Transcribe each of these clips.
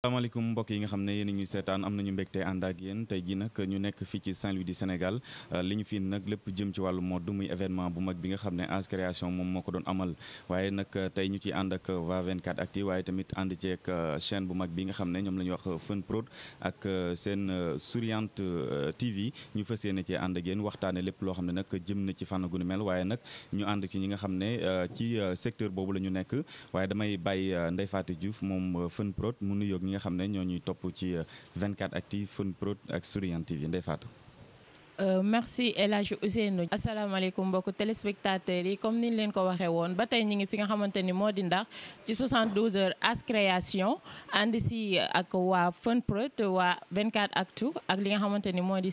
salaamaaleykum mbokk yi nga xam ne yéen ñu seetaan am nañu mbégte ànd ak yéen tey ji nag ñu nekk fii ci Saint-Louis di Sénégal euh, li ñu fi nag lépp jëm ci wàllu mode muy événement bu mag bi nga xam ne As Création moom moo ko doon amal waaye nag euh, tey ñu ci ànd ak waa va ak Actu waaye tamit ànd ceeg euh, chaine bu mag bi nga xam ne ñoom la ñuy wax Fun Prod ak seen Souriante TV ñu fas yéene cee ànd ak yéen waxtaane lépp loo xam ne nag jëm na ci fànn gu nu mel waaye nag ñu ànd ci ñi nga xam ne ci secteur boobu la ñu nekk waaye damay bàyyi Ndeye Fatou Diouf moom Fun Prod mu nuyoog ñi nga xam ne ñoo ñuy topp ci 24 euh, actu Fun Prod ak Souriant TV Ndeye Fatou. Euh, merci El Hadj Ousseynou asalaamaaleykum mbokk téléspectateurs yi comme niñ leen ko waxee woon ba tey ñu ngi fi nga xamante ni moo di ndax ci 72 heures as création ànd si ak waa Fun Prod waa 24 actu ak li nga xamante ni moo di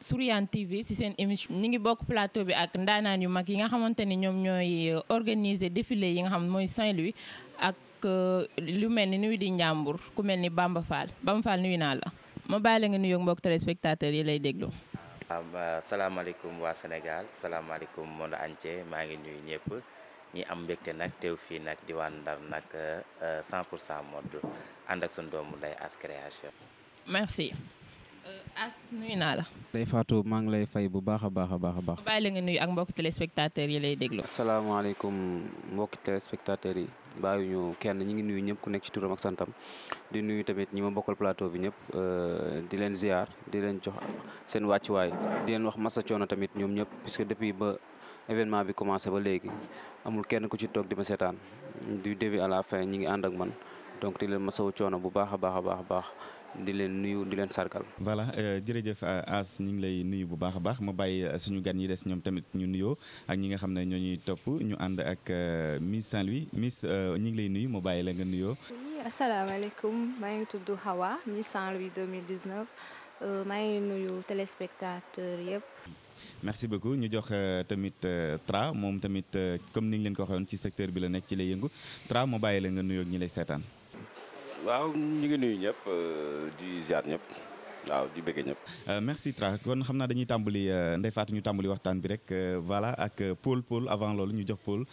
Souriant TV si seen émission ñu ngi bokk plateau bi ak ndaanaan yu mag yi nga xamante ni ñoom ñooy euh, organiser défilé yi nga xam mooy Saint-Louis ak que lu mel ni nuyu di njàmbur ku mel ni Bamba Fall Bamba Fall nuyu naa ma bàyyi nga nuyoog mbokk téléspectateurs yi lay déglu. waaw ah, salaamaaleykum waa Sénégal salaamaaleykum monde maa ngi nuyu ñëpp ñi am mbégte nag teew fii nag diwaan Ndar nag 100 euh, pour cent mode ànd ak sunu doomu lay As Création. merci. Euh, naa la. maa ngi fay bu baax a baax a baax a baax. nga nuyu ak mbokk téléspectateurs yi lay déglu. salaamaaleykum mbokk téléspectateurs yi. bàyyiwuñu kenn ñi ngi nuyu ñëpp ku nekk ci turam ak santam di nuyu tamit ñi ma bokkal plateau bi ñëpp euh, di leen ziar di leen jox seen wàccuwaay di leen wax masa coona tamit ñoom ñëpp puisque depuis ba événement bi commencé ba léegi amul kenn ku ci toog di ma seetaan du début à la fin ñi ngi ànd man donc di leen masawu coona bu baax a baax a baax a baax di leen nuyu di leen sargal. voilà euh, jërëjëf euh, As ñu ngi lay nuyu bu baax a baax ma bàyyi euh, suñu gan yi des ñoom tamit ñu nuyoo ak ñi nga xam ne ñoo ñuy topp ñu ànd ak Miss Saint-Louis Miss ñu ngi lay nuyu ma bàyyi la nga nuyoo. asalaamaaleykum maa ngi tudd Hawa Miss Saint-Louis 2019 maa ngi nuyu téléspectateur yëpp. merci beaucoup ñu jox tamit Tra moom tamit comme ni ñu leen ko waxee woon ci secteur bi la nekk ci lay yëngu Tra ma bàyyi la nga nuyoo ñi lay seetaan. waaw ñu ngi nuyu ñëpp euh, di ziar ñëpp waaw di bëgg ñëpp. Euh, merci Tra kon xam naa dañuy tàmbali euh, Ndeye Fatou ñu tàmbali waxtaan bi rek voilà ak Paul Paul avant loolu ñu jox Paul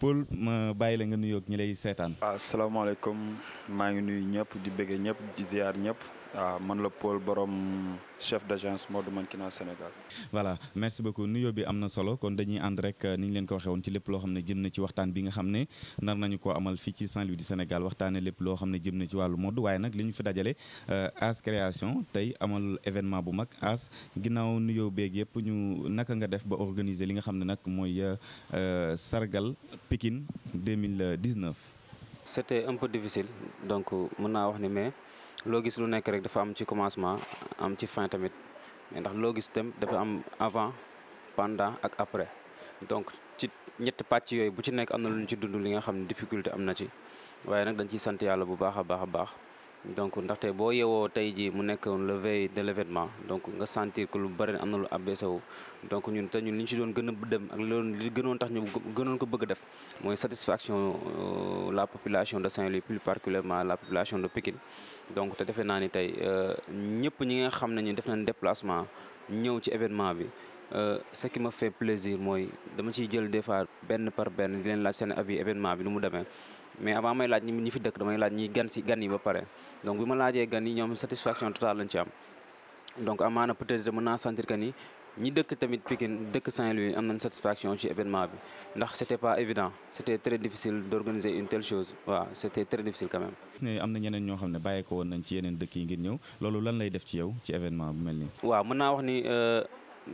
Paul ma bàyyi la nga nuyoog ñi lay seetaan. waaw salaamaaleykum maa ngi nuyu ñëpp di bëgg ñëpp di ziar ñëpp. waaw ah, man la Paul borom chef d' agence Modou naa Sénégal. voilà merci beaucoup nuyoo bi am na solo kon dañuy ànd rek euh, ni ñu leen ko waxee ci lépp loo xam ne jëm na ci waxtaan bi nga xam ne nar nañu ko amal fii ci Saint-Louis di Sénégal waxtaanee lépp loo xam ne jëm na ci wàllu mode waaye nag li ñu fi dajale euh, As Création tey amal événement bu mag As ginnaaw nuyoo beeg yëpp ñu naka nga def ba organiser li nga xam ne nag mooy euh, sargal Pikine 2019. c'était un peu difficile donc mën naa wax ni mais loo gis lu nekk rek dafa am ci commencement am ci fin tamit mais ndax loo gis tam dafa am avant pendant ak après donc ci ñetti pàcc yooyu bu ci nekk am na lu ñu ci dund li nga xam ne difficulté am na ci waaye nag dañ ciy sant yàlla bu baax a baax a baax donc ndaxte boo yeewoo tey jii mu nekk le veille de l' donc nga sentir que lu bari am na lu abaissé wu donc ñun te ñun li ñu si doon gën a dem ak loolu li gënoon tax ñu gënoon ko bëgg def mooy satisfaction euh, la population de Saint-Louis plus particulièrement la population de Pikine donc te defe naa ni tey euh, ñëpp ñi nga xam ne ñu def nañ déplacement ñëw ci événement bi euh, ce qui m'a fait plaisir mooy dama ciy jël des fois benn par benn di leen laaj seen avis événement bi nu mu demee mais avant may laaj ñi fi dëkk damay laaj ñi gan si yi ba pare donc bi ma laajee gan yi ñoom satisfaction totale lañ ci am donc amaana peut-être mën naa sentir que ni ñi dëkk tamit Pikine dëkk Saint-Louis am nañ satisfaction ci événement bi ndax c'était pas évident c'était très difficile d'organiser une telle chose waaw c'était très difficile quand am na ñeneen ñoo xam ne bàyyi ko woon nañ ci yeneen dëkk yi ngir ñëw loolu lan lay def ci yow ci événement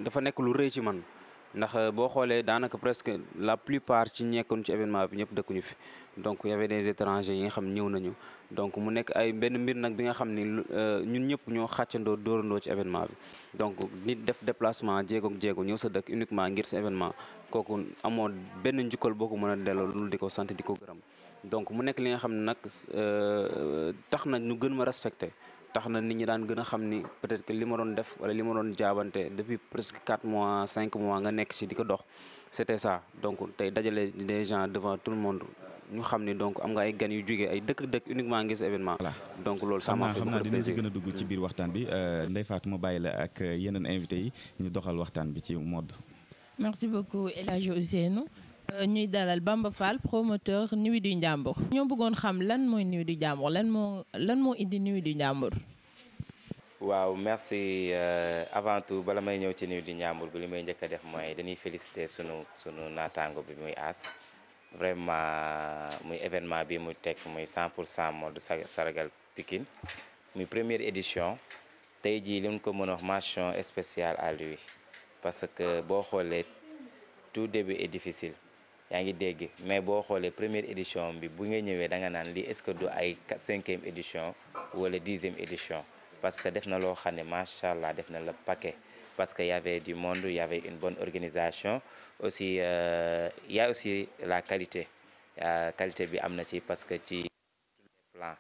euh, nekk lu rëy ci man. ndax euh, boo xoolee daanaka presque la plupart ci ñekkoon ci événement bi ñëpp dëkkuñu fi donc y des étrangers yi nga xam ñëw nañu donc mu nekk ay benn mbir nag bi nga xam ni euh, ñun ñëpp ñoo xàccandoo doorandoo ci événement bi donc nit def déplacement jéegoog jéego ñëw sa dëkk uniquement ngir si événement kooku amoon benn njukkal boo ko mën a delloo loolu di ko sant di ko gërëm donc mu nekk li nga xam ne nag euh, tax na ñu gën ma respecté tax na nit ñi daan gën xam ni peut-être que li doon def wala li doon jaabante depuis presque quatre mois cinq mois nga nekk ci di ko dox c'était ça donc tey dajale des gens devant tout le monde ñu xam ni donc am nga ay gan yu jógee ay dëkk-dëkk uniquement ngir sa événement. voilà donc loolu ça m'a fait beaucoup de plaisir xam naa dinañ ci gën a dugg ci biir waxtaan bi euh, Ndeye Fatou bàyyi la ak yeneen invité yi ñu doxal waxtaan bi ci mode. merci Euh, ñuy dalal Bamba Fall promoteur niwi du Ndiambour ñoo bëggoon xam lan mooy Nuit du Ndiambour lan moo lan moo indi Nuit du Ndiambour waaw merci euh, avant tout bala may ñëw ci Nuit du Ndiambour bi li may njëkk a def mooy dañuy féliciter sunu sunu naataango bi muy aas vraiment muy événement bi mu tekk muy 100 pour cent mode sargal Pikine muy première édition tey jii li ko mën a wax spéciale à lui parce que boo xoolee tout début est difficile yaa ngi dégg mais boo xoolee première édition bi bu nga ñëwee danga naan lii est-ce que du ay cinquième édition wala dixième édition parce que def na loo xam ne macha allah def na le paquet parce que y avait du monde y une bonne organisation aussi euh, y a la qualité euh, qualité bi am na ci parce que ci plan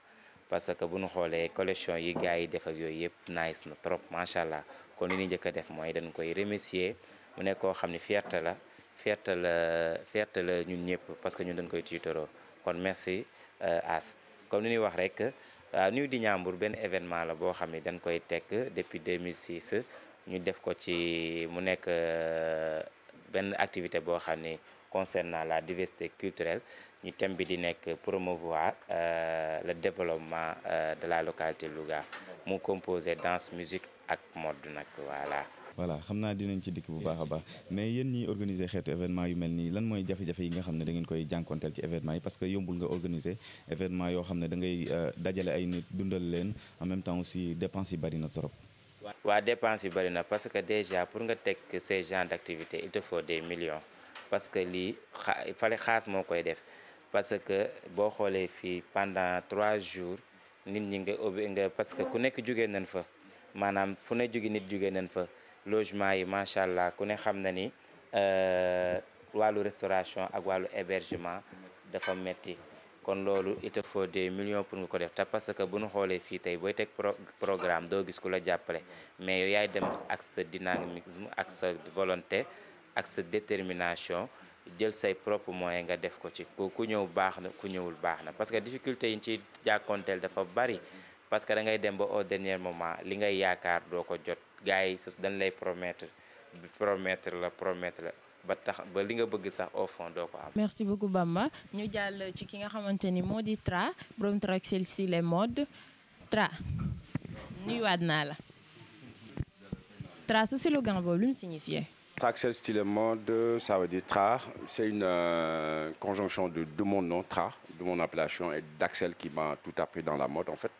parce que bu ñu xoolee collection yi gars yi def ak yooyu yëpp nice na trop macha allah kon li ñu njëkk a def mooy dañ koy remercier mu nekk koo xam ne fierté la. fierté la euh, fierté la euh, ñun ñëpp parce que ñun dañ koy tiitaroo kon merci euh, As comme ni ñuy wax rek waaw Nuit du benn événement la boo xam ne dañ koy tekk depuis 2006 ñu def ko ci mu nekk benn activité boo xam ni concernant la diversité culturelle ñu thème bi di nekk promouvoir le développement de la localité Louga mu composé danse musique ak mode nag voilà voilà xam naa dinañ ci dikk bu baax a mais yéen ñiy organiser xeetu événement yu mel nii lan mooy jafe-jafe yi xam ne da koy jànkonteel ci événement yi parce que yombul nga organiser événement yoo ne da ngay euh, dajale ay nit dundal leen en même temps aussi dépenses yi bari na trop waa dépense yi bari na parce que déjà pour nga teg ces genres d'activité il te faut des millions parce que lii fale xaas moo koy def parce que boo xoolee fii pendant trois jours nit ñi nga obbi nga parce que ku nekk jugee nañ fa maanaam fu ne jóge nit jugee nañ fa logement yi macha allah ku ne xam na ni euh, wàllu restauration ak wàllu hébergement dafa metti kon loolu il te de million pour nga ko def te parce que bu nu xoolee fii tey booy teg programme doo gis ku la jàppale mais yaay dem ak sa dynamisme ak sa volonté ak sa détermination jël say propre moyen nga def ko ci ku ku ñëw baax na ku ñëwul baax na parce que difficulté yi ñu ciy jàkkoonteel dafa bari parce que da ngay dem ba au dernier moment li ngay yaakaar doo ko jot gars yi dañ lay promettre promettre la promettre la ba tax ba li nga bëgg sax au fond doo ko am. merci beaucoup Bamba ñu jàll ci ki nga xamante ni moo di Tra borom Traxel si les modes Tra nuyuwaat naa la. Tra sa slogan boobu lu mu signifie. Traxel style tra. C'est une euh, conjonction de, de mon nom, tra, de mon appellation, et d'Axel qui m'a tout appris dans la mode, en fait.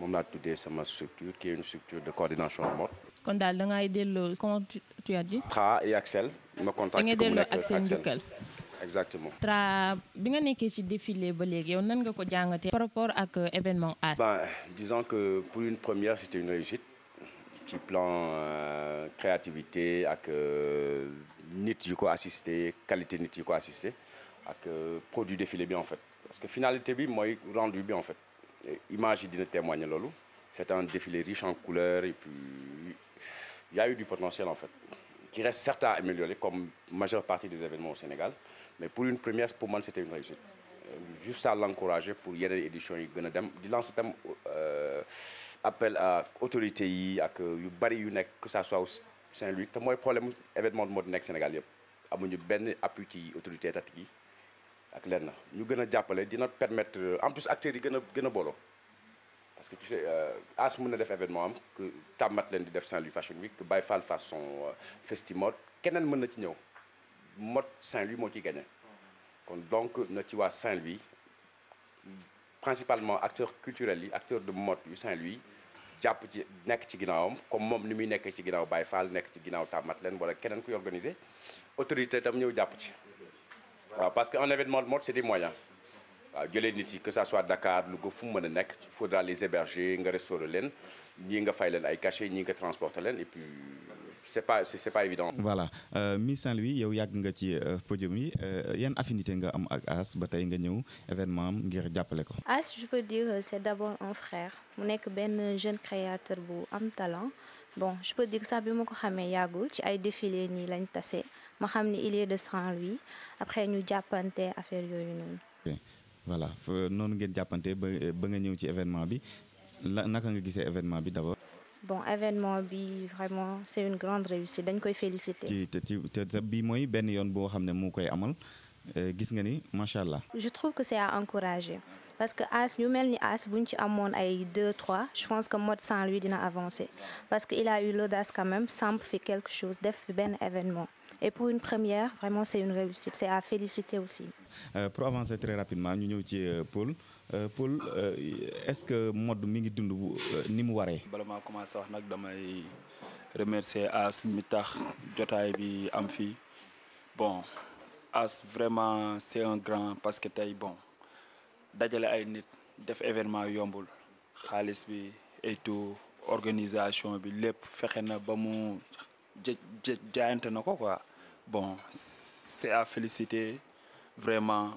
moom laa tuddee sama structure qui est une structure de coordination mode. kon daal da ngay delloo comment tu as dit. Tra et Axel. ma contacté delloo Axel Njukkal. exactement. Tra bi nga nekkee ci défilé ba léegi yow nan nga ko jàngatee. par rapport ak euh, événement As. ben disons que pour une première c'était une réussite ci plan euh, créativité ak euh, nit yu ko assisté qualité nit yu ko assisté ak euh, produit défilé bi en fait parce que finalité bi mooy rendu bi en fait. image yi dina témoigner loolu c'est un défilé riche en couleurs et puis il y eu du potentiel en fait qui reste certes à comme majeure partie des événements au Sénégal mais pour une première pour man c'était une réussite euh, juste à l'encourager pour yeneen édition yi gën a dem di lancer tam euh, appel à autorités yi ak yu bari yu nekk que ça soit au Saint-Louis te mooy problème événement de mode nekk Sénégal yëpp amuñu benn appui ci autorité étatique yi ak lenn ñu gën a jàppale dina permettre en plus acteurs yi gën a gën a booloo parce que tu sais euh, as mën na def événement am tamat leen di def Saint-Louis Fashion Week que Baye Fall façon euh, festimode keneen mën na ci ñëw mode Saint-Louis moo ciy gagné. kon donc na ci waa Saint-Louis principalement acteurs culturels yi acteur de mode yu Saint-Louis jàpp ci nekk ci ginnaawam comme moom ni muy nekkee ci ginnaaw Baye Fall nekk ci ginnaaw tàmmat leen wala keneen kuy organiser autorité tam ñëw jàpp ci. waaw parce que un événement de mode c'est des moyens waaw jëlee nit yi que ça soit Dakar Louga fu mu mën a nekk faudra les héberger nga restaurer leen ñii nga fay leen ay cachet ñii nga transporter leen et puis c'est pas évident. voilà euh, Miss Saint-Louis yow yàgg nga ci euh, podium yi euh, yan affinité nga am ag As ba tey nga ñëw événement am ngir jàppale ko. As je peux dire c'est d'abord un frère mu nekk benn jeune créateur bu am talent bon je peux dire sax bi ay défilé ma xam ni il est de Saint-Louis après ñu jàppante affaire yooyu noonu. voilà noonu ngeen jàppante ba ba nga ñëw ci événement bi la naka nga gise événement bi d'abord. bon événement bi vraiment c'est une grande réussite koy féliciter. ci te ci mooy benn yoon boo xam ne moo koy amal euh, gis nga ni macha allah. je trouve que c'est à encourager parce que as ñu mel ni as bu ñu ci amoon ay deux trois je pense que mode Saint-Louis dina avancer parce que il a eu l'audace quand même samp fi quelque chose def fi benn événement. et pour une première vraiment c'est une réussite c'est à féliciter aussi. Euh, pour avancer très rapidement ñu ñëw ci euh, Paul euh, Paul est-ce que mode mi ngi dund ni mu waree. bala maa commencé wax nag damay remercier As mi tax jotaay bi am fii bon As vraiment c'est un grand parce que tey bon dajale ay nit def événement yombul xaalis bi et organisation bi lépp fexe na ba mu jaayante na ko quoi. bon c'est à féliciter vraiment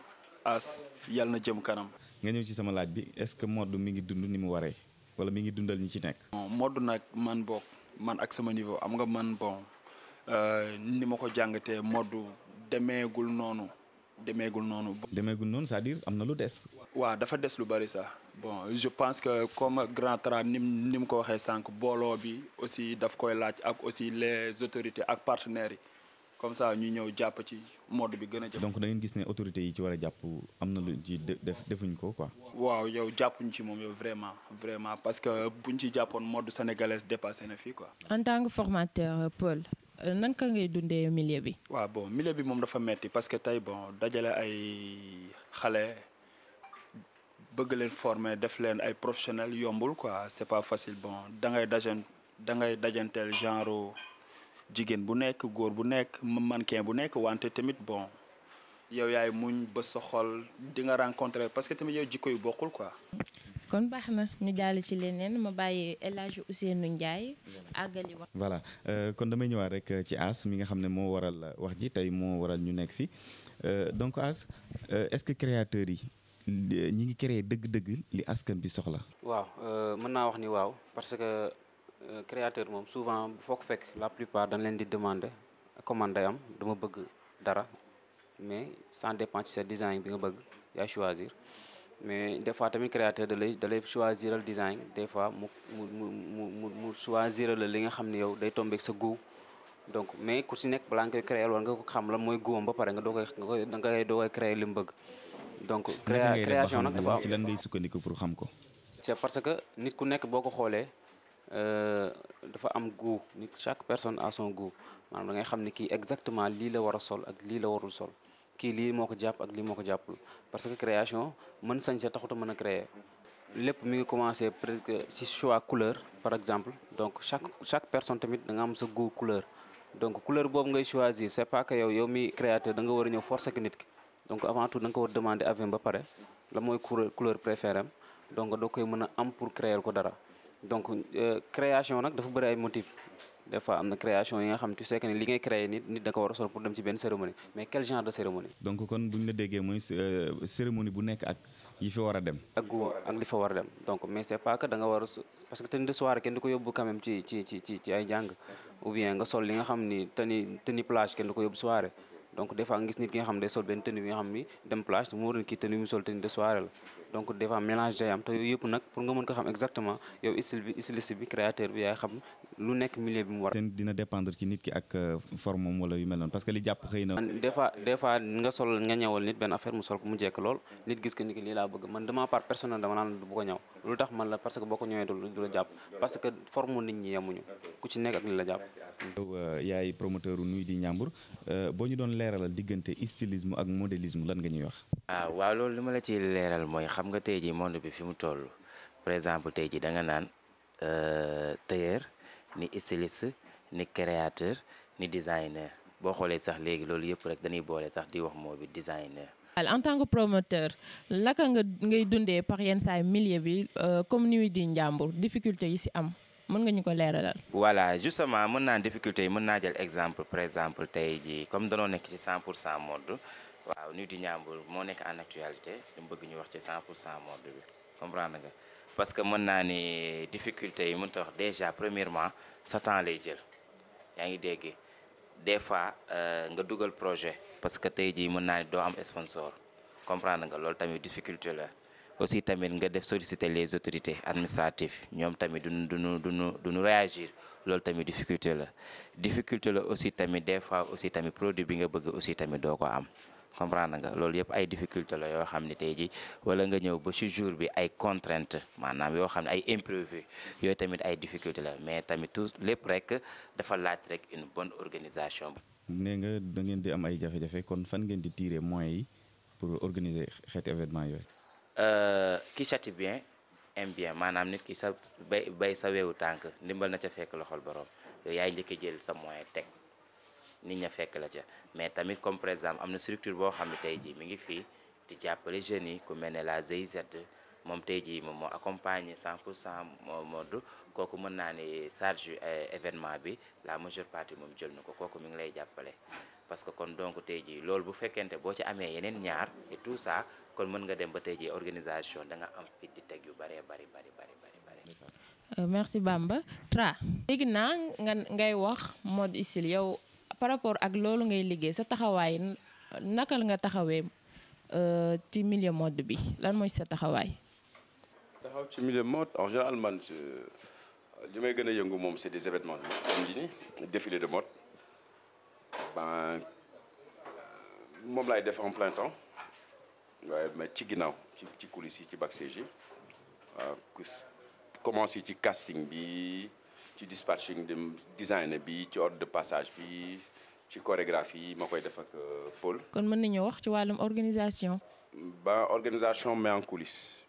as yàlla na jëm kanam. nga ñëw ci sama laaj bi est-ce que Modou mi ngi dund ni mu waree wala mi ngi dundal ñi ci nekk. bon Modou nag man bokk man ak sama niveau am nga man bon euh, ni ma ko jàngatee Modou demeegul noonu. demeegul noonu. demeegul noonu cest à am na lu des. waa dafa des lu bari sax bon je pense que comme grand tra ni mu ni mu ko waxee sànq booloo bi aussi daf koy laaj ak aussi les autorités ak partenaires yi. comme ça ñu ñëw jàpp ci mode bi gën a jëm. donc da ngeen gis ne autorités yi ci war a jàpp am na lu ci def defuñ ko quoi. waaw yow jàppuñ ci moom yow vraiment vraiment parce que bu buñ ci jàppoon mode sénégalaise dépassé na fii quoi. en que formateur Paul euh, nan ka ngay dundee milieu bi. waaw bon milieu bi moom dafa metti parce que tey bon dajale ay xale bëgg leen former def leen ay professionnels yombul quoi c'est pas facile bon da ngay daje da ngay dajanteel genre. jigéen bu nekk góor bu nekk man mannequin bu nekk wante tamit bon yow yaay muñ ba sa xol di nga rencontrer parce que tamit yow jikko yu bokkul quoi. kon baax na ñu jàll ci leneen ma bàyyi El Hadj Ousseynou Ndiaye àggali wax. voilà euh, kon damay ñëwaat rek euh, ci As mi nga xam ne moo waral euh, wax ji tey moo waral ñu nekk fi donc As est-ce que créateurs yi ñi ngi créer dëgg-dëgg askan bi soxla. waaw mën naa wax ni waaw parce que. Euh, créateur moom souvent foo ko fekk la plupart dañ leen di demander a day am dama bëgg dara mais ça dépend ci sa design bi nga bëgg yaay choisir mais des fois tamit créateur da lay da lay choisiral design des fois mu mu mu mu mu choisir la li nga xam ne yow day tombeek sa goût donc mais ku si nekk balaa nga koy créer war nga ko xam lan mooy góom ba pare nga doo koy nga koy da nga doo koy créer li mu bëgg donc création nag dafa am sukkandiku pour xam ko c'est parce que nit ku nekk boo ko xoolee Euh, dafa am goût ni chaque personne a son goût maanaam da xam ne kii exactement lii la war a sol ak lii la warul sol kii lii moo ko jàpp ak lii moo ko jàppul parce que création mën sañ sa taxuta mën a créer lépp mi ngi commencé presque ci choix couleur par exemple donc chaque chaque personne tamit da nga am sa goût couleur donc couleur boobu ngay choisir c'est pas que yow yow mi créateur da nga war ñëw forcer ki nit ki donc avant tout da nga ko war demander avis ba pare la mooy couleur couleur préférée am doo koy mën a am pour créer ko dara donc euh, création nag dafa bëri ay motifs des am na création yi nga xam tu sais que ni li ngay créer nit nit da war a sol pour dem ci benn cérémonie mais quel genre de cérémonie. donc euh, li fa war a dem donc mais c'est pas que da nga war a parce que tenue de soirée kenn du ko yóbbu quand ci ay jàng ou bien nga sol li nga xam ni tenue tenue plage kenn du ko yóbbu soirée donc des nga gis nit ki nga xam day sol benn tenue bi nga xam ni dem plage te mu waroon kii tenue mu sol tenue de soirée donc des fois mélange day am te yooyu yëpp nag pour nga mën ko xam exactement yow style bi styliste bi créateur bi yaay xam lu nekk milieu bi mu war. seen dina dépendre ci nit ki ak euh, forme am wala yu mel noonu parce que li jàpp xëy na. des fois des fois nga sol nga ñëwal nit benn affaire mu sol ko mu jekk lool nit gis ko ni ki lii laa bëgg man dama part personnel dama naan bu ko ñëw lu tax man la parce que boo ko ñëwee du la jàpp parce que forme nit ñi yemuñu ku ci nekk ak li la jàpp. Euh, yaay promoteur nuy di Ndiambour euh, boo ñu doon leeralal diggante stylisme ak modélisme lan nga ñuy wax. ah waaw loolu li ma la ciy leeral mooy xam nga tey jii monde bi fi mu toll par exemple tey jii da nga naan tailleur. ni styliste ni créateur ni designer boo xoolee sax léegi loolu yëpp rek dañuy boolee sax di wax moo bi designer. en tant que promoteur laka nga ngay dundee par yenn saay milieu bi euh, comme ni di njàmbur difficulté yi si am mën nga ñu ko leeralal. voilà justement mën naa difficulté yi mën naa jël exemple par exemple tey jii comme danoo nekk ci cent pour cent mode waaw nuyu di njàmbur moo nekk en actualité dama bëgg ñu wax ci 100 pour 100 mode nga. parce que mën naa ni difficulté yi mën ta wax déjà premièrement sa temps lay jël yaa ngi dégg des fois euh, nga dugal projet parce que tey jii mën naa ni doo am sponsor comprendre nga loolu tamit difficulté la aussi tamit nga def solliciter les autorités administratives ñoom tamit du duñu duñu duñu réagir loolu tamit difficulté la difficulté la aussi tamit des fois aussi tamit produit bi nga bëgg aussi tamit doo ko am comprendre nga loolu yëpp ay difficulté la yoo xam ne tey ji wala nga ñëw ba ci jour bi ay contrainte maanaam yoo xam ne ay imprévu yooyu tamit ay difficulté la mais tamit tout lépp rek dafa laaj rek une bonne organisation. nee nga da ngeen di am ay jafe-jafe kon fan ngeen di tirer moyens yi pour organiser xeeti événement yooyu. Euh, qui châtie bien aime bien maanaam nit ki sa bay bay sa weewu tànk ndimbal na ca fekk loxol borom yow yaay njëkk jël sa moyen teg. nit ña fekk la ca mais tamit comme par exemple am na structure boo xam ne tey jii mi ngi fii di jàppale jeunes yi ku mel ne la GIZ moom tey ji moom moo accompagné 100 pour cent Modou kooku mën naa ne charge euh, événement bi la majeure partie moom jël na ko kooku mu ngi lay jàppale. parce que kon donc tey ji loolu bu fekkente boo ci amee yeneen ñaar et tout ça kon mën nga dem ba tey ji organisation da nga am fit di teg yu bëree bari bari bari ba bari. Euh, merci Bamba par rapport ak loolu ngay liggéey sa taxawaay nakal nga taxawee euh, ci milieu mode bi lan mooy sa taxawaay. taxaw ci milieu mode en général man li may gën a yëngu moom c'est des événements comme yi défilé de mode ben moom laay def en plein waaye mais ci ginnaaw ci ci coulisses yi ci backstage yi waaw commencé ci casting bi. ci dispatching de design bi ci ordre de passage bi ci chorégraphie yi ma koy def ak euh, Paul. kon mën nañu wax ci wàllum organisation. ba organisation mais en coulisses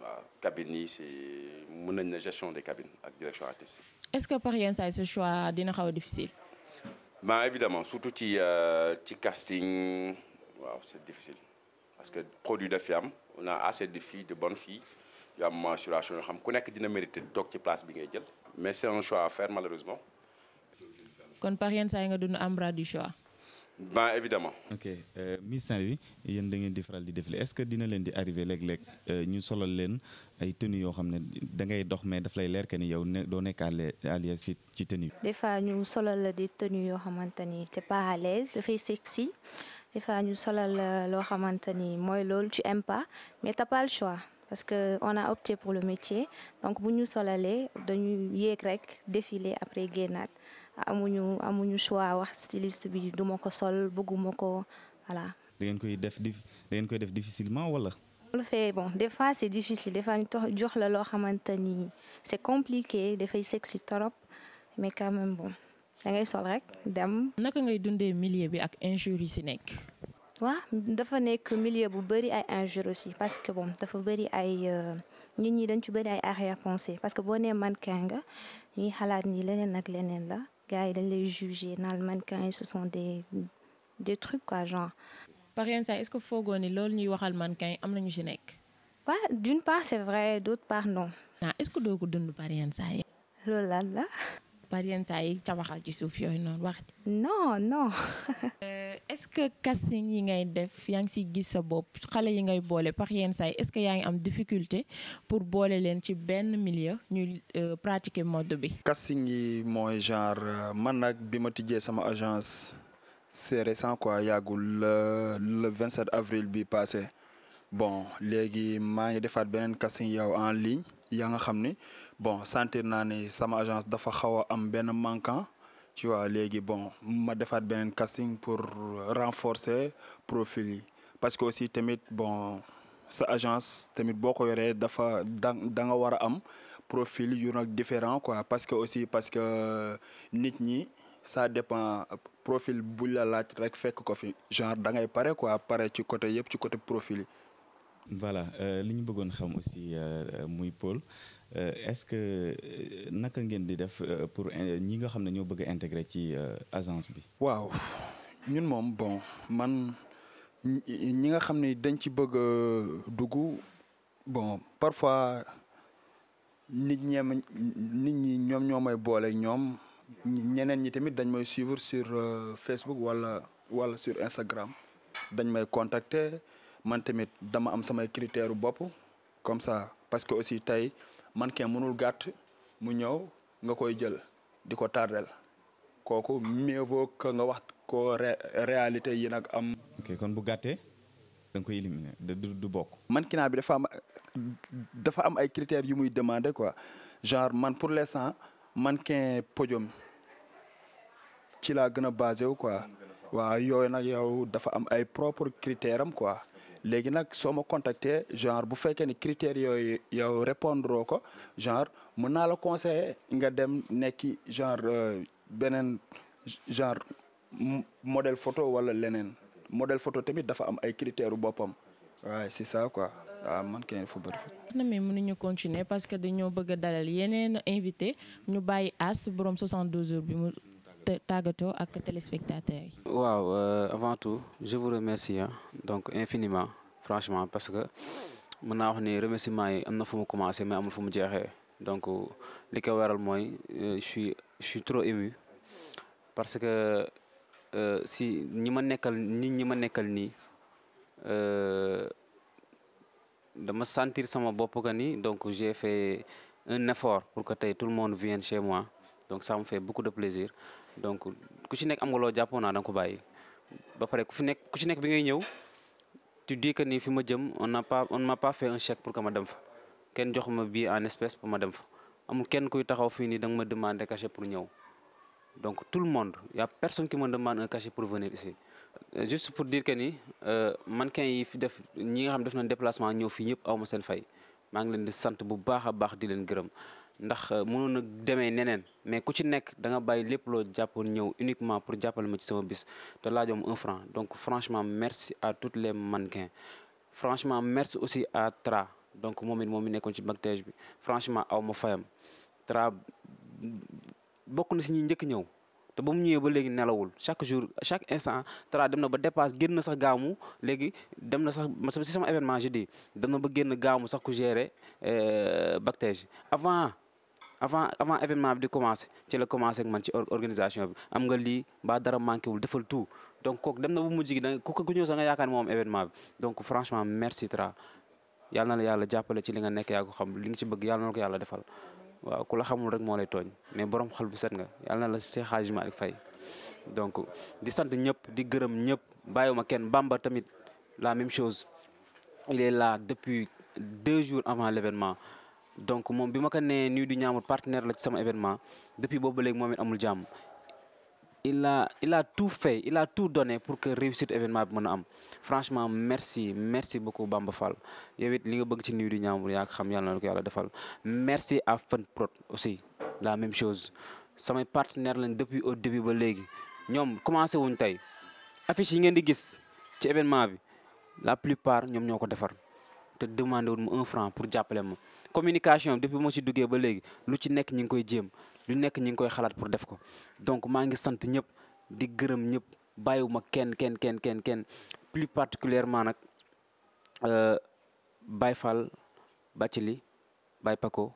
waaw cabine yi c'est mën nañ na gestion de cabines ak direction artistique. est-ce que par yenn saa yi ce choix dina xaw a difficile. ben évidemment surtout ci euh, ci casting waaw c'est difficile parce que produit daf fi am on a assez de filles de bonnes filles. yu am mensuration ku nekk dina mérité toog ci place bi ngay jël mais c'est un choix à faire malheureusement. kon par yenn saa yi nga dund am bras du choix. ben évidemment. ok euh, Miss Saint-Louis yéen da ngeen di faral di def li est-ce que dina leen di arrivé léeg-léeg euh, ñu solal leen ay tenues yoo xam ne da ngay dox mais daf lay leer que ni ne doo nekk à l'aise ci ci tenue ñu solal la di tenues yoo xamante ni t'es pas à l'aise dafay sexy des ñu solal euh, loo xamante ni mooy loolu ci aimes pas mais parce que on a opté pour le métier donc bu ñu solalee dañuy yéeg rek défilé après génnaat amuñu amuñu choix wax styliste bi du ma ko sol bëgguma ko voilà. da ngeen koy def dif da ngeen def difficilement wala. lu fee bon des fois c'est difficile des fois jox la loo xamante ni c'est compliqué dafay sexy trop mais quand même bon da ngay sol rek dem. naka ngay dundee milieu bi ak injure yi si nekk. waaw dafa nekk milieu bu bëri ay injure aussi parce que bon dafa bëri ay euh, nit ñi dañ ci bëri ay arrière pensée parce que boo nee mannequin nga ñuy xalaat ni leneen ak leneen la gars yi dañ lay juger naan mannequin yi ce sont des des trucs quoi genre. par est-ce que foogoo ni loolu ñuy waxal mannequin yi am nañu ci nekk. waaw d'une part c'est vrai d'autre part non. ah est-ce que doo ko dund par yenn saa yi. loolu par yenn saa yi cabaxal ci suuf yooyu noonu wax. non non. Euh, est-ce que casting yi ngay def yaa ngi si gis sa bopp xale yi ngay boole par yenn saa yi est-ce que yaa ngi am difficulté pour boole leen ci benn milieu ñu euh, pratiquer mode bi. casting yi mooy genre euh, man nag bi ma tijjee sama agence c'est récent quoi yàggul le le 27 avril bi passé bon léegi maa ngi defaat beneen casting yow en ligne yaa nga xam ni. bon sentir naa ne sama agence dafa xaw a am benn manquant tu vois léegi bon ma defaat beneen casting pour renforcer profil yi parce que aussi tamit bon sa agence tamit boo ko yoree dafa da da nga war a am profil yu nag différent quoi parce que aussi parce que nit ñi ça dépend profil bu la laaj rek fekk ko fi genre da ngay pare quoi pare ci côté yëpp ci côté profil yi. voilà euh, li ñu bëggoon xam aussi euh, euh, muy Paul. Euh, est-ce que euh, naka ngeen di def euh, pour ñi nga xam ne ñoo bëgg a ci agence bi. waaw ñun moom bon man ñi nga xam ni dañ ci bëgg a dugg bon parfois nit ñeema nit ñi ñoom ñoo may boole ñoom ñeneen ñi tamit dañ may suivre sur Facebook wala wala sur Instagram dañ may contacter man tamit dama am samay critères bopp comme ça parce que aussi tey. man kenn mënul gàtt mu ñëw nga koy jël di ko tardel kooku mieux vaut que nga wax ko réalité yi nag am. kon bu gàttee da nga koy éliminer du du bokk. man kinaa bi dafa am dafa am ay critères yu muy demander quoi genre man pour l'instant mannequin podium ci laa gën a basé wu quoi. waa yooyu nag yow dafa am ay propres critères am quoi. léegi nag soo ma contacter genre bu fekkee ni critères yooyu yow répondre ko genre mun naa la conseiller nga dem nekki genre euh, beneen genre modèle photo wala leneen modèle photo tamit dafa am ay critères boppam waaw c'est ça quoi waaw ah, man kay dafa bëri. na mais mënuñu continuer parce dañoo bëgg dalal yeneen invité ñu bàyyi as borom 72 heures bi tàggatoo ak téléspectateurs waaw euh, avant tout je vous remercie donc infiniment franchement parce que mën naa wax ni remerciement yi am na fu mu commencé mais amul fu mu jeexee donc li koy waral mooy euh, je suis je trop ému parce que euh, si ñi ma nekkal nit ñi ma nekkal nii. dama sentir sama bopp que ni donc j'ai fait un effort pour que tey tout le monde vienne chez moi donc ça me fait beaucoup de plaisir donc ku ci nekk am nga loo jàppoon naa da nga ko bàyyi ba pare ku fi nekk ku ci nekk bi ngay ñëw tu dis que nii fi ma jëm on n'a pas on m'a pas fait un chèque pour que ma dem fa kenn jox ma billet en espèce pour ma dem fa amul kenn kuy taxaw fii nii da nga ma demander cachet pour ñëw donc tout le monde y a personne qui demande un cachet pour venir ici. Euh, juste pour dire que ni euh, mannequin yi fi def ñi nga xam def nañ déplacement ñëw fii ñëpp aw ma seen fay maa ngi leen di sant bu baax a baax di leen gërëm. ndax euh, mënoon na demee neneen mais ku ci nekk da nga bàyyi lépp loo jàppoon ñëw uniquement pour jàppale ma ci sama bis te laajoom un franc donc franchement merci à toutes les mannequins franchement merci aussi à Tra donc moom it moom mi nekkoon ci bactège bi franchement aw ma fayam Tra bokk na si ñi njëkk ñëw te ba mu ñëwee ba léegi nelawul chaque jour chaque instant Tra dem na ba dépasse génn na sax gaamu léegi dem na sax si sama événement je dis ba génn gaamu sax ku gérer euh, bactège avant avant avant événement bi di commencé ci la commencé ak man ci organisation bi am nga lii mbaa dara manqué wul defal tout donc kooku dem na bu mujj gi da ku ku ñëw sax nga yaakaar moom événement bi donc franchement merci Tra yàlla na la yàlla jàppale ci li nga nekk yaa ko xam li nga ci bëgg yàlla na ko yàlla defal waaw ku la xamul rek moo lay tooñ mais borom xol bu set nga yàlla na la Seex Hajji Maalik Fay donc di sant ñëpp di gërëm ñëpp bàyyiwuma kenn Bamba tamit la même chose il la là depuis jours avant l'événement donc moom bi ma ko nee Nuit du Njàmbur partenaire la ci sama événement depuis boobu ba léegi moom it amul jàmm il a il a tout fait il a tout donné pour que réussite événement bi mën a am franchement merci merci beaucoup Bamba Fall yow it li nga bëgg ci Nuit du Njàmbur yaa ko xam yàlla na ko yàlla defal merci à Fun Prod aussi la même chose samay partenaire lañ depuis au début ba léegi ñoom commencé wuñ tey affiche yi ngeen di gis ci événement bi la plupart ñoom ñoo ko defar. te demandé wul ma un franc pour jàppale ma communication depuis moo ci duggee ba léegi lu ci nekk ñi ngi koy jéem lu nekk ñi ngi koy xalaat pour def ko donc maa ngi sant ñëpp di gërëm ñëpp bàyyiwuma kenn kenn kenn kenn kenn plus particulièrement nag euh, Baye Fall Bathily Baye Paco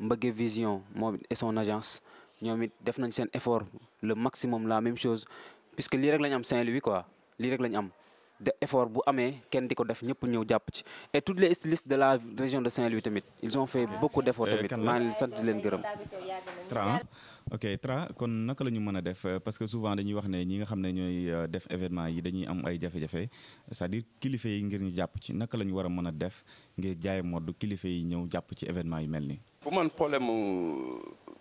Mbëgge Vision moom et son agence ñoom it def nañ seen effort le maximum la même chose puisque lii rek lañ am Saint-Louis quoi lii rek lañ am de effort bu amee kenn di ko def ñëpp ñëw jàpp ci et toutes les stylistes de la région de Saint-Louis tamit ils ont fait ah. beaucoup d'efforts tamit maa ngi sant leen gërëm. Tra ok Tra kon naka la ñu mën a def parce que souvent dañuy wax ne ñi nga xam ne ñooy euh, def événement yi dañuy am ay jafe-jafe dire kilifa yi ngir ñu jàpp ci naka la ñu war a mën a def ngir jaay modd kilifa yi ñëw jàpp ci événement yu mel nii. pour man problème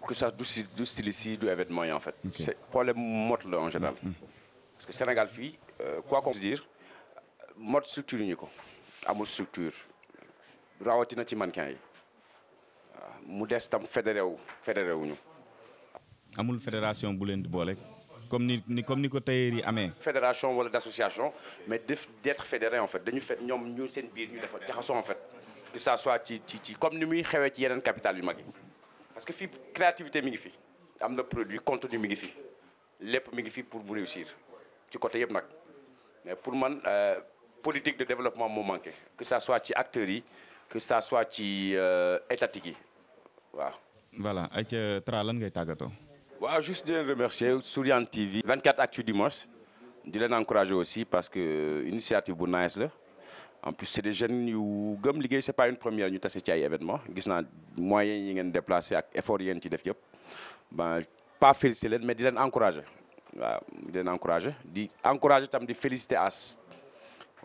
que ça du du styliste yi du événement yi en fait. c'est problème mode la en mm. Sénégal fii euh, mode structure yi ñu ko amul structure rawatina ci man mannequin yi mu des tam fédéré wu fédéré wu ñu. amul fédération bu leen di boole comme ni ni comme ni ko tailleur yi amee. fédération wala d' association mais def d' être fédéré fait dañu fet ñoom ñu seen biir ñu defa jaxasoo en fait que ça soit ci ci ci comme ni muy xewee ci yeneen capital yu mag yi parce que fii créativité mi ngi fi am na produit contenu mi ngi fi lépp mi ngi fi pour bu réussir ci côté yëpp nag mais pour man. Euh, politique de développement moo manqué que ça soit ci acteurs yi que ça soit ci euh, étatique yi voilà ay Tra lan ngay tàggatoo. waaw juste di leen remercier Souriant TV. 24 actu dimanche di leen encourager aussi parce que euh, initiative bu nice la en plus c' est des jeunes yu gëm liggéey c' est pas une première ñu tase ci ay événement gis na moyens yi ngeen déplacé ak effort yi ngeen ci def yëpp ben pas féliciter leen mais di leen encourager di leen encourager tam di féliciter as.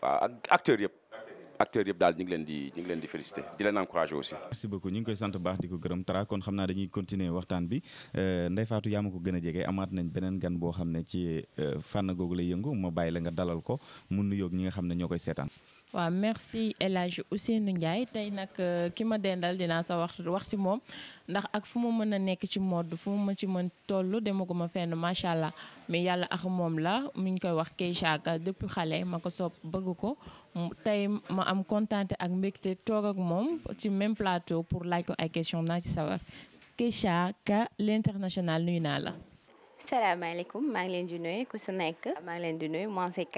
waaw ak acteur yëpp. acteurs yëpp daal ñu ngi leen di ñu leen di di leen encourager aussi. merci beaucoup ñu ngi koy sant baax di ko gërëm Tra kon xam naa dañuy continuer waxtaan bi euh, Ndeye Fatou yaa ma ko gën a jege amaat nañ beneen gan boo xam ne ci euh, fànn googu lay yëngu ma bàyyi la nga dalal ko nu nuyoog ñi nga xam ne ñoo koy seetaan. waa merci El Hadj Ousseynou Ndiaye tey nag euh, ki ma dendal dinaa sa wax wax si moom ndax ak fu ma mën a nekk ci mode fu mu ci mën toll demaguma fenn macha allah mais yàlla ak moom la mu ngi koy wax Keisha Ka depuis xale ma ko sopp bëgg ko tey ma am kontante ak mbégte toog ak moom ci même plateau pour laaj ko ay question naa ci sawar Keisha Ka l'international nuyu naa la. salaamaaleykum maa ngi leen di nuyu ku sa nekk. maa ngi leen di nuyu moi c'est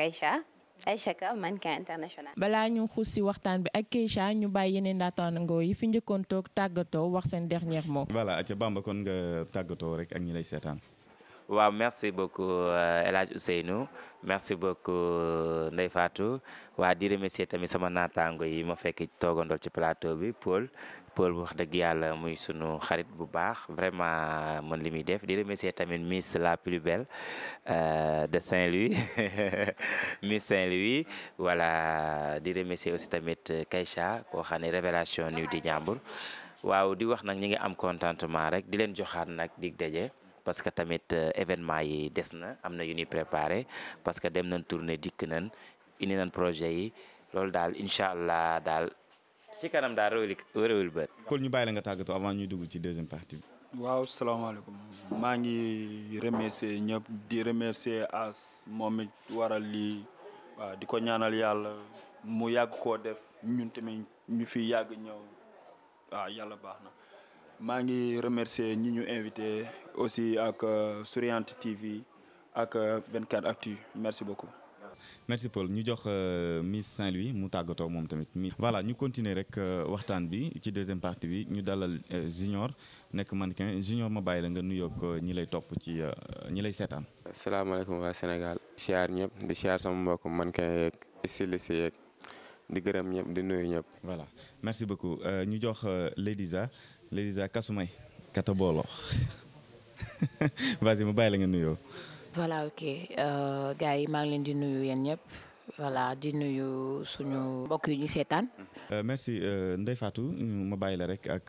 Aïcha Ka mannequin international. balaa ñu xuus si waxtaan bi ak Keisha ñu bàyyi yeneen ngoo yi fi njëkkoon toog tàggatoo wax seen dernier mot. voilà Aïcha Bamba kon nga tàggatoo rek ak ñi lay seetaan. waaw merci beaucoup euh, El Hadj Ousseynou merci beaucoup euh, Ndeye Fatou waa di remercier tamit sama naataango yi ma fekk toogandool ci plateau bi Paul Paul wax dëgg yàlla muy sunu xarit bu baax vraiment euh, mën li muy def di remercier tamit Miss la plus belle de Saint-Louis Miss Saint-Louis voilà di remercier aussi tamit Kaycha koo xam ne révélation niw di ñàmbur waaw di wax nag ñi ngi am contentement rek di leen joxaat nag dig daje. parce que tamit euh, événement yi des na am na yu ni préparé parce que dem nañ tournée dikk nañ indi nan projet yi loolu daal incha allah daal ci kanam daal réewli réewli bët. kon ñu bàyyi la nga tàggatoo avant ñuy dugg ci deuxième partie bi. waaw salaamaaleykum maa ngi remercier ñëpp di remercier as moom it waral lii waaw di ko ñaanal yàlla mu yàgg koo def ñun tamit ñu fi yàgg ñëw waaw yàlla baax na. maa ngi remercier ñi ñu invité aussi ak euh, Souriante TV ak 24 euh, Actu merci beaucoup. merci Paul ñu jox euh, Miss Saint-Louis mu tàggatoo moom tamit mi. voilà ñu continuer rek waxtaan bi ci deuxième partie bi ñu dalal Junior nekk mannequin Junior ma bàyyi la nga nuyoo ak ñi lay topp ci ñi lay seetaan. salaamaaleykum waa Sénégal. siyaar ñëpp di siyaar sama mbokk mannequin yeeg styliste yeeg di gërëm ñëpp di nuyu ñëpp. voilà merci beaucoup ñu jox Ladiza Ladiza Kasumay kata booloo vas-y ma bàyyi la nga nuyoo. voilà ok euh, gars yi maa ngi leen di nuyu yéen ñëpp voilà di nuyu suñu mbokk yi ñu seetaan. Euh, merci euh, Ndeye Fatou ma bàyyi la rek ak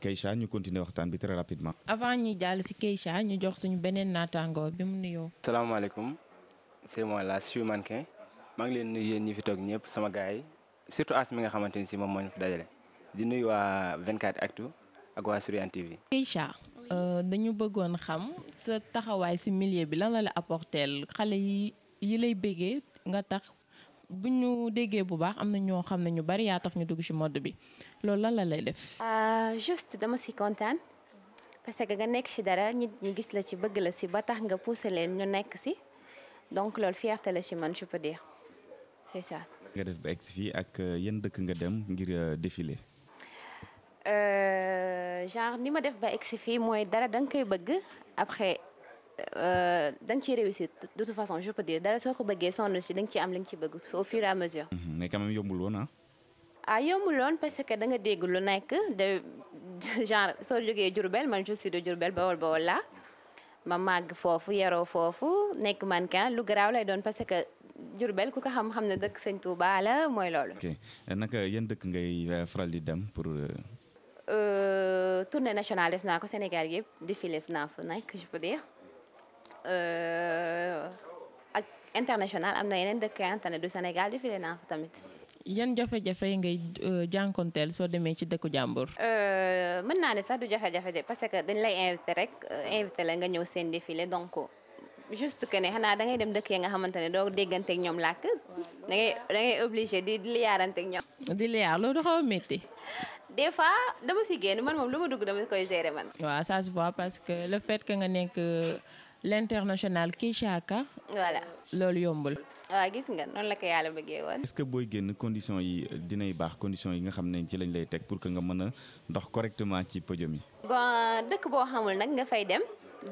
Keisha ñu continuer waxtaan bi très rapidement. avant ñuy jàll si Keisha ñu jox suñu beneen naataangoo bi mu nuyoo. salaamaaleykum c'est moi la Sumankin maa ngi leen nuyu yéen ñi fi toog ñëpp sama gars yi surtout as mi nga xamante ni si moom moo ñu fi dajale. di nuyu waa 24 actu ak waa Surian TV. Keïcha euh, dañu bëggoon xam sa taxawaay si milieu bi lan la la apporteel xale yi yi lay bëggee nga tax bu ñu déggee bu baax am na ñoo xam ne ñu bari yaa tax ñu dugg ci modd bi loolu lan la lay def. Ah, juste dama ci kontaan parce que nga nekk ci dara nit ñi gis la ci bëgg la ci ba tax nga pousser leen ñu nekk ci donc loolu fierté la ci man je peux dire c'est ça. nga def ba egg fii ak euh, yan dëkk nga dem ngir euh, défilé. Euh, genre ni ma def ba egsi fii mooy dara da nga koy bëgg après euh, da nga ciy réussir de toute façon je peux dire dara soo ko bëggee sonn si da nga ciy am li nga ci bëgg au fur et à mesure. Mhm, mais quand même yombul woon ah. ah yombul parce que da nga dégg lu nekk de genre soo jógee Diourbel man je suis de ma màgg foofu yaroo foofu nekk mannequin lu garaaw lay doon parce que Diourbel ku ko xam-xam ne dëkk Sëñ Touba mooy loolu. ok euh, yan dëkk ngay faral di dem pour. tournée nationale def naa ko Sénégal yëpp défilé def naa fu nekk je peux dire ak international am na yeneen dëkk yi du Sénégal défilé naa fa tamit. yan jafe-jafe ngay jànkonteel soo demee ci dëkku jàmbur. mën naa ne sax du jafe-jafe de parce que dañ lay invité rek invité la nga ñëw seen défilé donc juste que ne xanaa dangay dem dëkk yi nga xamante ne doo dégganteeg ñoom làkk da ngay obligé di di liyaaranteeg ñoom. di liyaar loolu xaw a métti. des fois dama si génn man moom lu ma dugg dama koy gérer man. waaw ça se voit parce que le fait que nga nekk euh, l' international Kisha Ka. loolu yombul. waaw gis nga noonu la ko yàlla bëggee woon. est-ce que booy génn condition yi dinay baax conditions yi nga xam nañ ci lañ lay teg pour que nga mën a ndox correctement ci podium yi. bon dëkk boo xamul nag nga fay dem.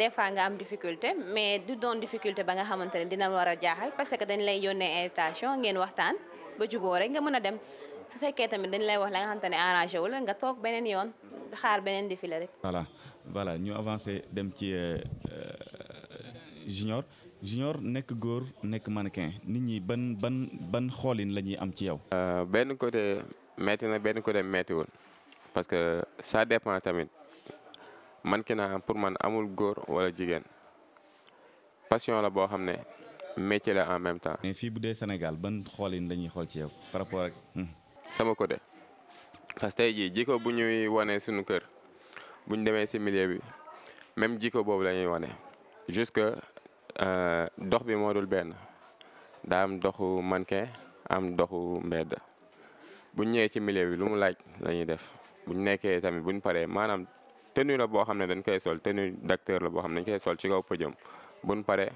des fois nga am difficulté mais du doon difficulté ba nga xamante ne dina war a jaaxal parce que dañ lay yónnee invitation ngeen waxtaan ba juboo rek nga mën a dem. su fekkee tamit dañu lay wax la nga xamante ne arrangé wu nga toog beneen yoon xaar beneen défilé rek. voilà voilà ñu avancé dem ci euh, euh, junior junior nekk góor nekk mannequin nit ñi ban ban ban xoolin la ñuy am ci yow. Euh, benn côté metti na benn côté mettiwul parce que ça dépend tamit mannequinat pour man amul góor wala jigéen passion la boo xam ne métier la en même temps. mais fii bu dee Sénégal ban xoolin la ñuy xool ci yow par rapport ak. Hmm? sama côté parce que tey jii jikko bu ñuy wane suñu kër buñ demee si milieu bi même jiko boobu la ñuy wane jusque euh, dox bi moo dul benn daa am doxu mannequin am doxu mbedd bu ñu ci milieu bi lu mu laaj lañuy def bu ñu nekkee tamit buñ ñu paree maanaam tenue la boo xam ne dañ koy sol tenue d'acteur la boo xam ne dañ koy sol ci kaw pëjëm bu ñu paree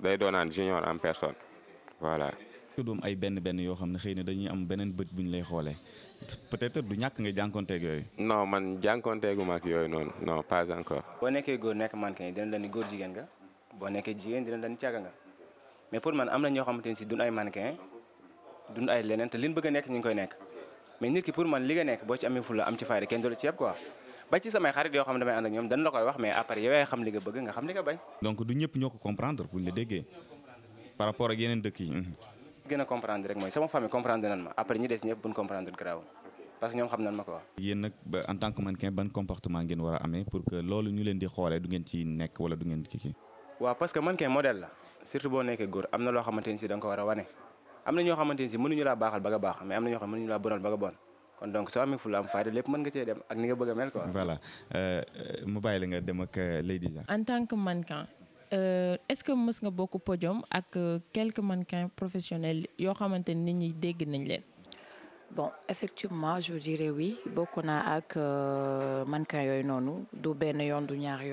day doonaan junior en personne voilà. doom ay benn benn yoo xam ne xëy na dañuy am beneen bët bu ñu lay xoolee peut-être du ñàkk nga jànkonteeg yooyu. non man jànkonteegu yooyu noonu non nekk mannequin dina la ni góor jigéen nga boo nekkee jigéen dina la ni càgg nga mais pour man am na ñoo xamante ne si duñ ay mannequin duñ ay leneen te liñ bëgg a nekk ñu ngi koy nekk mais nit ki pour man li nekk boo ci amee fulla am ci fayda kenn du la ceeb quoi. ba ci samay xarit yoo xam ne damay ànd ñoom dañ la koy wax mais après yow yaay xam li bëgg nga xam li nga donc du ñëpp ñoo ko comprendre buñ la déggee par dëkk yi. gën a comprendre rek mooy sama famille comprendre nan ma après ñi des ñëpp buñ comprendre garaawul parce que ñoom xam nan ma ko wax. yéen nag en tant que mannequin ban comportement ngeen war a amee pour que loolu ñu leen di xoolee du ngeen ci nekk wala du ngeen kii. waaw parce que mannequin modèle la surtout boo nekkee góor am na loo xamante ni si da nga ko war a wane am na ñoo xamante ni si mënuñu laa baaxal ba nga baax mais am na ñoo xam ne mënuñu laa bonal ba nga bon kon donc soo amee fulla am fayda lépp mën nga cee dem ak ni nga bëgg a mel quoi. voilà euh, euh, mu bàyyi la nga dem ak euh, Lady Dia. en tant que mannequin Euh, est-ce que mës nga bokk podium ak euh, quelque mannequins professionnel yoo xamante ni nit ñi dégg nañ leen. bon effectivement je dirais oui bokk naa ak euh, mannequin yooyu noonu du benn yoon du ñaar yoon.